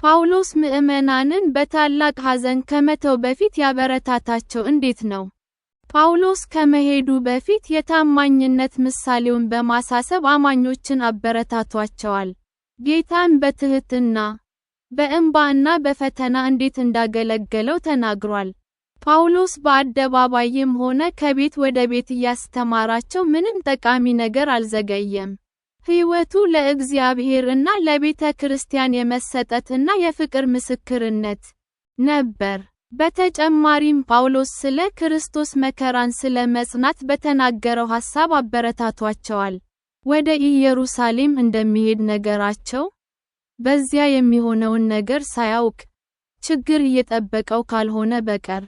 ጳውሎስ ምዕመናንን በታላቅ ሐዘን ከመተው በፊት ያበረታታቸው እንዴት ነው? ጳውሎስ ከመሄዱ በፊት የታማኝነት ምሳሌውን በማሳሰብ አማኞችን አበረታቷቸዋል። ጌታን በትሕትና፣ በእንባ እና በፈተና እንዴት እንዳገለገለው ተናግሯል። ጳውሎስ በአደባባይም ሆነ ከቤት ወደ ቤት እያስተማራቸው ምንም ጠቃሚ ነገር አልዘገየም። ሕይወቱ ለእግዚአብሔር እና ለቤተ ክርስቲያን የመሰጠትና የፍቅር ምስክርነት ነበር። በተጨማሪም ጳውሎስ ስለ ክርስቶስ መከራን ስለ መጽናት በተናገረው ሐሳብ አበረታቷቸዋል። ወደ ኢየሩሳሌም እንደሚሄድ ነገራቸው። በዚያ የሚሆነውን ነገር ሳያውቅ ችግር እየጠበቀው ካልሆነ በቀር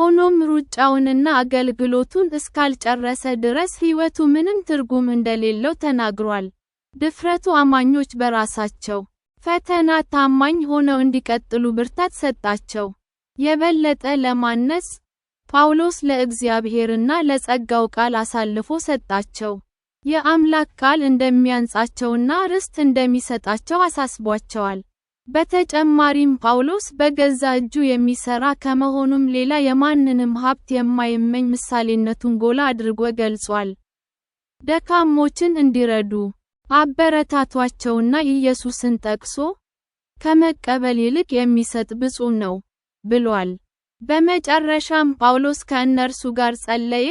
ሆኖም ሩጫውንና አገልግሎቱን እስካልጨረሰ ድረስ ሕይወቱ ምንም ትርጉም እንደሌለው ተናግሯል። ድፍረቱ አማኞች በራሳቸው ፈተና ታማኝ ሆነው እንዲቀጥሉ ብርታት ሰጣቸው። የበለጠ ለማነጽ፣ ጳውሎስ ለእግዚአብሔርና ለጸጋው ቃል አሳልፎ ሰጣቸው። የአምላክ ቃል እንደሚያንጻቸውና ርስት እንደሚሰጣቸው አሳስቧቸዋል። በተጨማሪም ጳውሎስ በገዛ እጁ የሚሰራ ከመሆኑም ሌላ የማንንም ሀብት የማይመኝ ምሳሌነቱን ጎላ አድርጎ ገልጿል። ደካሞችን እንዲረዱ አበረታቷቸውና ኢየሱስን ጠቅሶ፣ ከመቀበል ይልቅ የሚሰጥ ብፁዕ ነው ብሏል። በመጨረሻም ጳውሎስ ከእነርሱ ጋር ጸለየ፣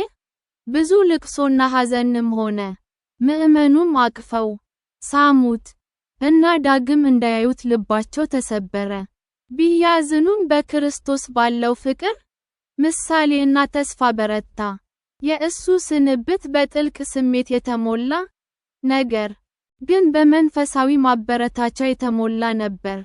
ብዙ ልቅሶና ሐዘንም ሆነ። ምዕመኑም አቅፈው ሳሙት። እና ዳግም እንዳያዩት ልባቸው ተሰበረ። ቢያዝኑም በክርስቶስ ባለው ፍቅር ምሳሌና ተስፋ በረታ። የእሱ ስንብት በጥልቅ ስሜት የተሞላ ነገር ግን በመንፈሳዊ ማበረታቻ የተሞላ ነበር።